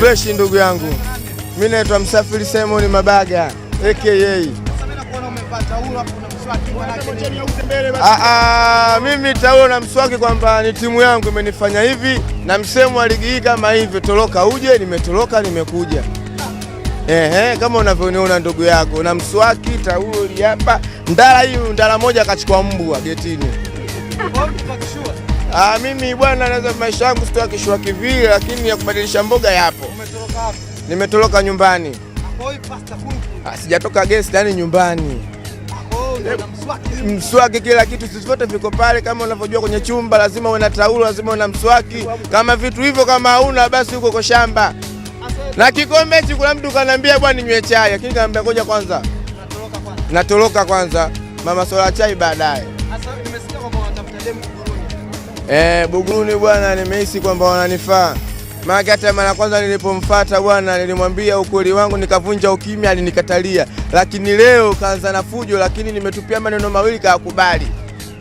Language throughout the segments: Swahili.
fresh ndugu yangu. Mimi naitwa Msafiri Simon Mabaga aka ah, ah, mimi taulo na mswaki kwamba ni timu yangu imenifanya hivi na msemo wa ligi hii kama hivi, toroka uje. Nimetoroka nimekuja. Ehe, kama unavyoniona ndugu yako na mswaki, taulo hapa, ndala hii, ndala moja akachukua mbwa getini Ah, mimi bwana, naweza maisha yangu sitoa kishua kivile, lakini ya kubadilisha mboga yapo. Umetoroka wapi? Nimetoroka nyumbani. Ah, sijatoka guest, ndani nyumbani. Eh, mswaki, kila kitu sivote viko pale. Kama unavyojua kwenye chumba lazima uwe na taulo, lazima uwe na mswaki. Kama vitu hivyo kama hauna basi uko kwa shamba na kikombe hichi. Kuna mtu kaniambia bwana, ninywe chai, lakini kaniambia ngoja kwanza natoroka kwanza, natoroka kwanza, mama sola chai baadaye. Sasa nimesikia kwamba unatafuta demu Eh, Buguruni bwana, nimehisi kwamba wananifaa maana hata mara kwanza nilipomfuata bwana, nilimwambia ukweli wangu, nikavunja ukimya, alinikatalia. Lakini leo kaanza na fujo, lakini nimetupia maneno mawili kaakubali.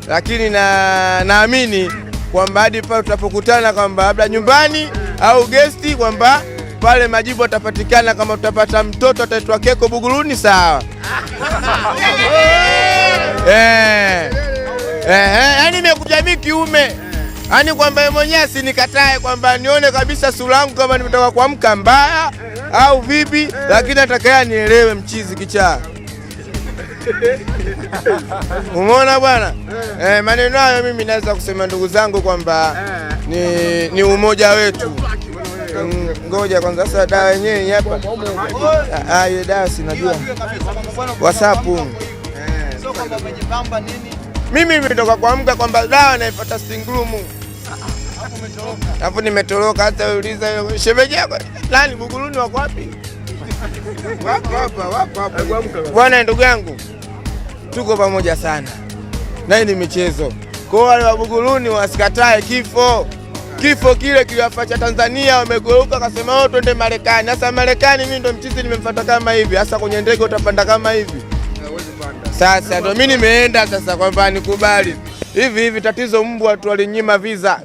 Lakini na naamini kwamba hadi pale tutapokutana, kwamba labda nyumbani au gesti, kwamba pale majibu atapatikana. Kama tutapata mtoto ataitwa Keko Buguruni, sawa? Eh, eh, eh, eh yani nimekuja mimi kiume yaani kwamba yeye mwenyewe asinikatae kwamba nione kabisa sura yangu kama nimetoka kuamka mbaya au vipi, lakini atakaya anielewe mchizi kichaa. Umeona bwana eh, maneno hayo mimi naweza kusema ndugu zangu kwamba ni, ni umoja wetu. Mm, ngoja kwanza sasa, dawa yenyewe hapa. Ah, ah dawa sinajua WhatsApp eh, mimi nimetoka kuamka kwamba dawa naipata stingrumu hapo nimetoroka hata uliza shemeji yako nani Buguruni wako wapi? Wapo hapa, wapo hapa. Bwana ndugu yangu tuko pamoja sana. Na hii ni michezo. Kwa hiyo wale wa Buguruni wasikatae kifo. Kifo kile kiliwafacha Tanzania, wamegeuka kasema wao oh, twende Marekani. Sasa Marekani mimi ndo mchizi nimemfuata kama hivi. Sasa kwenye ndege utapanda kama hivi. Sasa ndo mimi nimeenda sasa kwamba nikubali. Hivi hivi tatizo mbwa tu walinyima visa.